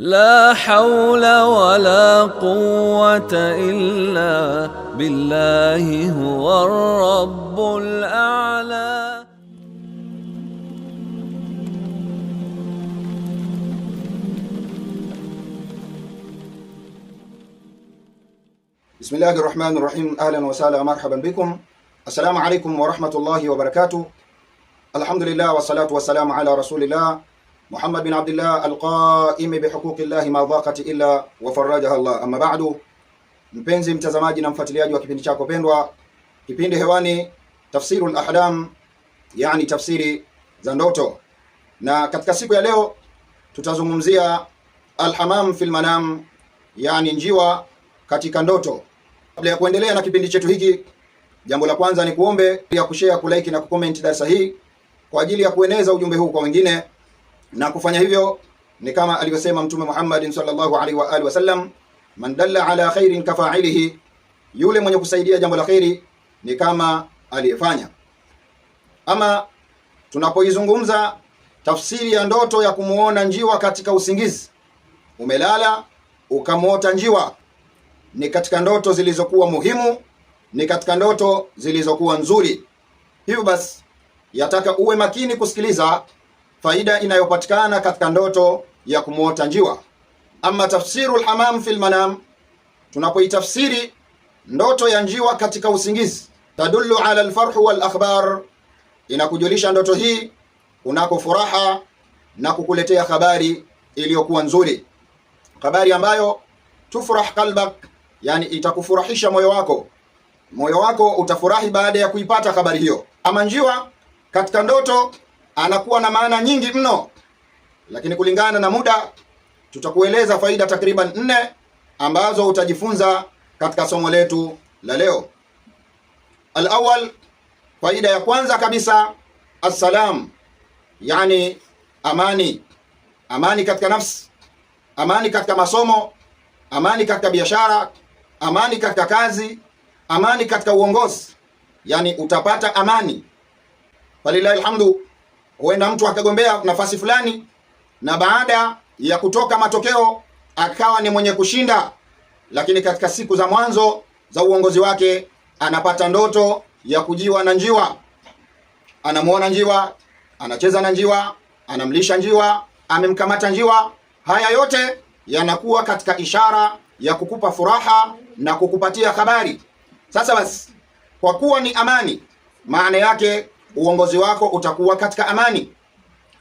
لا حول ولا قوة إلا بالله هو الرب الأعلى بسم الله الرحمن الرحيم أهلا وسهلا مرحبا بكم السلام عليكم ورحمة الله وبركاته الحمد لله والصلاة والسلام على رسول الله Muhammad bin Abdullah alqaimi bihuquqi Allah ma dhaqat illa wa farajaha Allah. Amma ba'du, mpenzi mtazamaji na mfuatiliaji wa kipindi chako pendwa, kipindi hewani al ahlam, yani tafsiri za ndoto, na katika siku ya leo tutazungumzia alhamam fil manam, yani njiwa katika ndoto. Kabla ya kuendelea na kipindi chetu hiki, jambo la kwanza ni kuombe ya kushare, kulike na kucomment darasa hii kwa ajili ya kueneza ujumbe huu kwa wengine na kufanya hivyo ni kama alivyosema Mtume Muhammad sallallahu alaihi wa alihi wasallam, man dalla ala khairin kafailihi, yule mwenye kusaidia jambo la khairi ni kama aliyefanya. Ama tunapoizungumza tafsiri ya ndoto ya kumuona njiwa katika usingizi, umelala ukamwota njiwa, ni katika ndoto zilizokuwa muhimu, ni katika ndoto zilizokuwa nzuri. Hivyo basi, yataka uwe makini kusikiliza faida inayopatikana katika ndoto ya kumwota njiwa. Ama tafsiru lhamam fi lmanam, tunapoitafsiri ndoto ya njiwa katika usingizi, tadullu ala lfarhu wal akhbar, inakujulisha ndoto hii unako furaha na kukuletea habari iliyokuwa nzuri, habari ambayo tufrah kalbak, yani itakufurahisha moyo wako, moyo wako utafurahi baada ya kuipata habari hiyo. Ama njiwa katika ndoto anakuwa na maana nyingi mno, lakini kulingana na muda tutakueleza faida takriban nne ambazo utajifunza katika somo letu la leo. Alawal, faida ya kwanza kabisa, assalam, yani amani. Amani katika nafsi, amani katika masomo, amani katika biashara, amani katika kazi, amani katika uongozi, yani utapata amani. Walilahi alhamdu huenda mtu akagombea nafasi fulani na baada ya kutoka matokeo akawa ni mwenye kushinda, lakini katika siku za mwanzo za uongozi wake anapata ndoto ya kujiwa na njiwa. Anamwona njiwa, anacheza na njiwa, anamlisha njiwa, amemkamata njiwa. Haya yote yanakuwa katika ishara ya kukupa furaha na kukupatia habari. Sasa basi, kwa kuwa ni amani, maana yake uongozi wako utakuwa katika amani,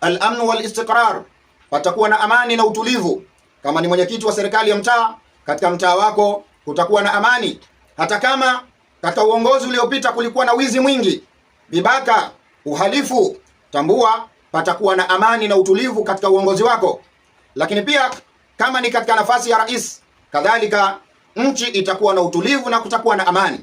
al amn wal istiqrar, patakuwa na amani na utulivu. Kama ni mwenyekiti wa serikali ya mtaa, katika mtaa wako kutakuwa na amani. Hata kama katika uongozi uliopita kulikuwa na wizi mwingi, vibaka, uhalifu, tambua patakuwa na amani na utulivu katika uongozi wako. Lakini pia kama ni katika nafasi ya rais, kadhalika nchi itakuwa na utulivu na kutakuwa na amani.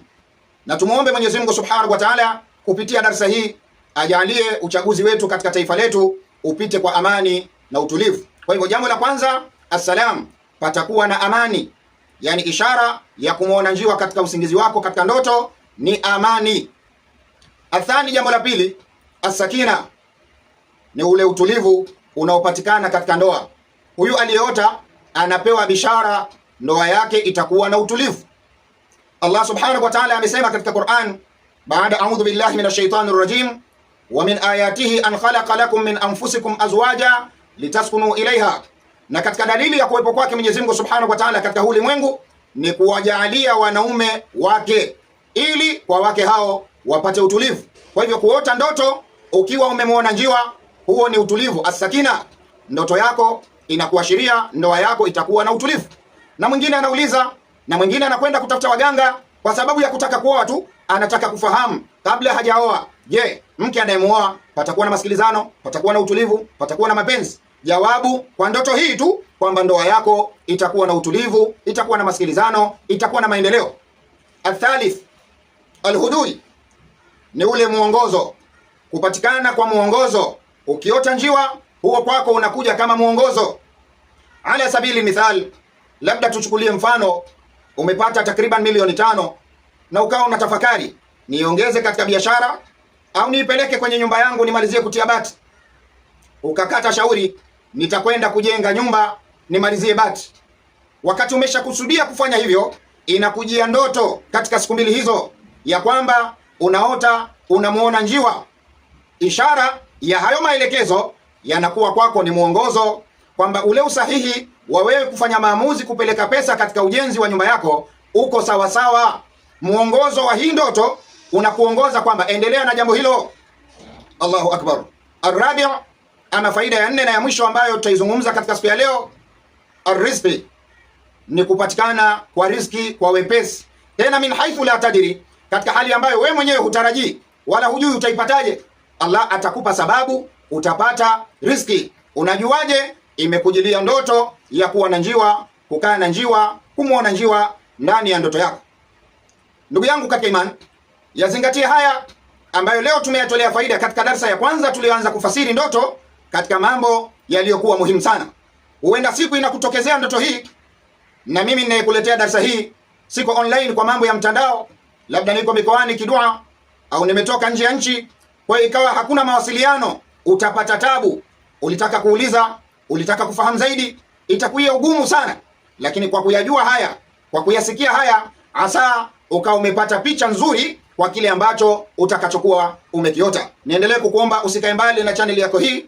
Na tumuombe Mwenyezi Mungu Subhanahu wa Ta'ala kupitia darasa hii ajalie uchaguzi wetu katika taifa letu upite kwa amani na utulivu. Kwa hivyo jambo la kwanza, assalam, patakuwa na amani. Yaani ishara ya kumwona njiwa katika usingizi wako katika ndoto ni amani. Athani, jambo la pili, asakina, ni ule utulivu unaopatikana katika ndoa. Huyu aliyeota anapewa bishara, ndoa yake itakuwa na utulivu. Allah subhanahu wa ta'ala amesema katika Qur'an baada audhu billahi minash shaitani rrajim wa min ayatihi an khalaqa lakum min anfusikum azwaja litaskunu ilaiha, na katika dalili ya kuwepo kwake Mwenyezi Mungu Subhanahu wa Ta'ala katika ulimwengu ni kuwajaalia wanaume wake ili kwa wake hao wapate utulivu. Kwa hivyo kuota ndoto ukiwa umemwona njiwa, huo ni utulivu, asakina. Ndoto yako inakuashiria ndoa yako itakuwa na utulivu. Na mwingine anauliza, na mwingine anakwenda kutafuta waganga kwa sababu ya kutaka kuoa tu, anataka kufahamu kabla hajaoa. Je, mke anayemuoa patakuwa na masikilizano? Patakuwa na utulivu? Patakuwa na mapenzi? Jawabu kwa ndoto hii tu kwamba ndoa yako itakuwa na utulivu, itakuwa na masikilizano, itakuwa na maendeleo. Athalith alhuduri ni ule mwongozo, kupatikana kwa mwongozo. Ukiota njiwa huo kwako unakuja kama mwongozo. Ala sabili mithal, labda tuchukulie mfano, umepata takriban milioni tano na ukawa tafakari niongeze katika biashara au niipeleke kwenye nyumba yangu nimalizie kutia bati, ukakata shauri, nitakwenda kujenga nyumba nimalizie bati. Wakati umeshakusudia kufanya hivyo, inakujia ndoto katika siku mbili hizo ya kwamba unaota unamuona njiwa. Ishara ya hayo maelekezo yanakuwa kwako ni mwongozo kwamba ule usahihi wa wewe kufanya maamuzi kupeleka pesa katika ujenzi wa nyumba yako uko sawasawa muongozo wa hii ndoto unakuongoza kwamba endelea na jambo hilo. Allahu akbar. Arabi ana faida ya nne na ya mwisho ambayo tutaizungumza katika siku ya leo, arrizqi ni kupatikana kwa riziki kwa wepesi, tena min haithu la tadiri, katika hali ambayo we mwenyewe hutarajii wala hujui utaipataje. Allah atakupa sababu, utapata riziki. Unajuaje? Imekujilia ndoto ya kuwa na njiwa, kukaa na njiwa, kumuona njiwa ndani ya ndoto yako. Ndugu yangu katika imani, yazingatie haya ambayo leo tumeyatolea faida katika darsa ya kwanza tuliyoanza kufasiri ndoto katika mambo yaliyokuwa muhimu sana. Huenda siku inakutokezea ndoto hii, na mimi ninayekuletea darsa hii siko online kwa mambo ya mtandao, labda niko mikoani kidua au nimetoka nje ya nchi, kwa hiyo ikawa hakuna mawasiliano, utapata tabu. Ulitaka kuuliza, ulitaka kufahamu zaidi, itakuwa ugumu sana, lakini kwa kuyajua haya, kwa kuyasikia haya, asa ukawa umepata picha nzuri kwa kile ambacho utakachokuwa umekiota. Niendelee kukuomba usikae mbali na chaneli yako hii,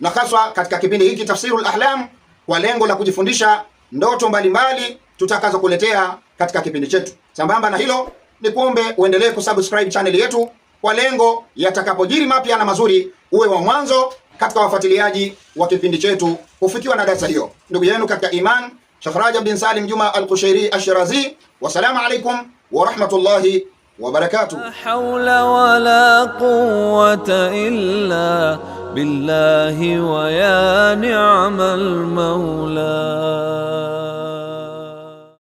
na haswa katika kipindi hiki Tafsirul Ahlam, kwa lengo la kujifundisha ndoto mbalimbali tutakazokuletea katika kipindi chetu. Sambamba na hilo, ni kuombe uendelee kusubscribe chaneli yetu kwa lengo yatakapojiri mapya na mazuri, uwe wa mwanzo katika wafuatiliaji wa kipindi chetu hufikiwa na darasa hiyo. Ndugu yenu katika iman, Sheikh Rajab bin Salim Juma Al-Qushairi Ashirazi. Wassalamu alaykum ورحمة الله وبركاته حول ولا قوة إلا بالله ويا نعم المولى